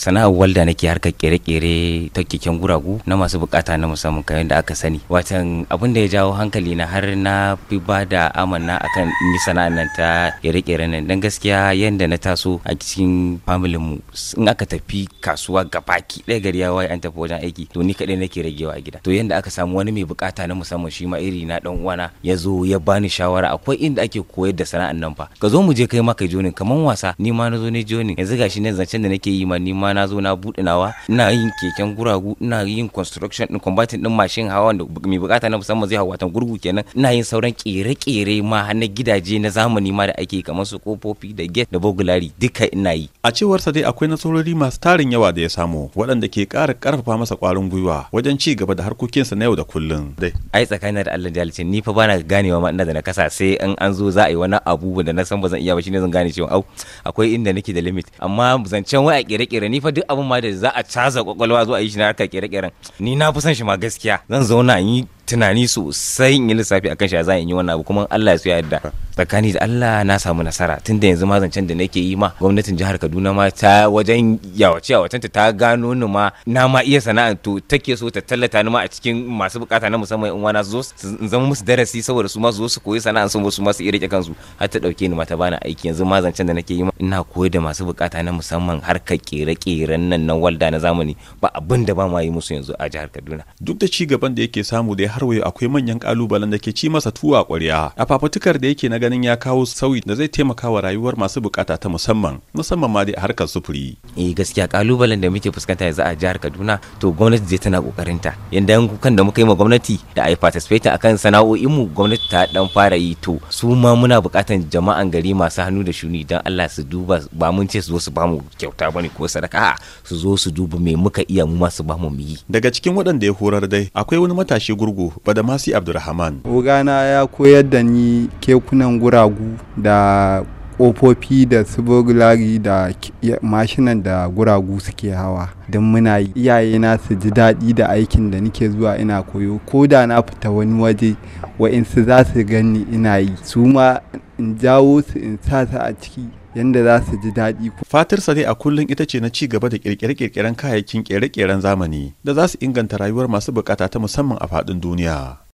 sana'ar walda nake harkar kere-kere keken guragu na masu bukata na musamman kayan da aka sani watan abin da ya jawo hankali na har na fi ba da amana akan yi sana'ar nan ta kere-kere nan dan gaskiya yadda na taso a cikin familin mu in aka tafi kasuwa gabaki ɗaya gari ya waye an tafi wajen aiki to ni kaɗai nake ragewa a gida to yanda aka samu wani mai bukata na musamman shi ma iri na dan uwana ya zo ya bani shawara akwai inda ake koyar da sana'ar nan fa ka zo mu je kai ma kai jonin kamar wasa ni ma na zo ne jonin yanzu gashi ne zancen da nake yi ma ni ma na zo na buɗe nawa ina yin keken guragu ina yin construction din combating din mashin hawa da mai bukata na musamman zai hawa watan gurgu kenan ina yin sauran kere-kere ma na gidaje na zamani ma da ake kamar su kofofi da gate da bogulari duka ina yi a cewar sa dai akwai nasarori masu tarin yawa da ya samu waɗanda ke ƙara ƙarfafa masa ƙwarin gwiwa wajen ci gaba da harkokinsa na yau da kullum dai ai tsakanin da Allah da ni fa bana ganewa ma ina da na kasa sai in an zo za a yi wani abu da na san ba zan iya ba shine zan gane cewa au akwai inda nake da limit amma zancen wai a kere-kere ni fa duk abin ma da za a caza kwakwalwa zuwa yi shi na harkar kere-keren ni na fi son shi ma gaskiya zan zauna yi tunani sosai in yi lissafi akan shi a za in yi wannan abu kuma Allah ya su yarda tsakani da Allah na samu nasara tunda yanzu ma zancen da nake yi ma gwamnatin jihar Kaduna ma ta wajen yawace yawacenta ta gano ni ma na ma iya sana'a to take so ta tallata ni ma a cikin masu bukata na musamman in wana zo su zama musu darasi saboda su ma zo su koyi sana'a su su ma su iya rike kansu har ta dauke ni ma ta bani aiki yanzu ma zancen da nake yi ma ina koyar da masu bukata na musamman harkar kere-keren nan na walda na zamani ba abin da ba ma yi musu yanzu a jihar Kaduna duk da ci gaban da yake samu dai har wayo akwai manyan kalubalen da ke ci masa tuwa ƙwarya a fafutukar da yake na ganin ya kawo sauyi da zai taimaka wa rayuwar masu bukata ta musamman musamman ma dai a harkar sufuri eh gaskiya kalubalen da muke fuskanta yanzu a jihar Kaduna to gwamnati zai tana kokarin ta yanda yan kukan da muka yi ma gwamnati da ai participate kan sana'o'in mu gwamnati ta dan fara yi to su ma muna bukatan jama'an gari masu hannu da shuni dan Allah su duba ba mun ce su zo su bamu kyauta bane ko sadaka su zo su duba me muka iya mu masu bamu mu yi daga cikin waɗanda ya horar dai akwai wani matashi gurgu Badamasi Abdulrahman wugana ya koyar da ni kekunan wannan guragu da kofofi da su da mashinan da guragu suke hawa don muna iyaye na su ji daɗi da aikin da nike zuwa ina koyo ko da na fita wani waje wa'insu za su gani ina yi su ma in jawo su in sa su a ciki yadda za su ji daɗi. Fatarsa ne a kullum ita ce na ci gaba da kirkire kirkiren kayayyakin kere-keren zamani da za su inganta rayuwar masu bukata ta musamman a faɗin duniya.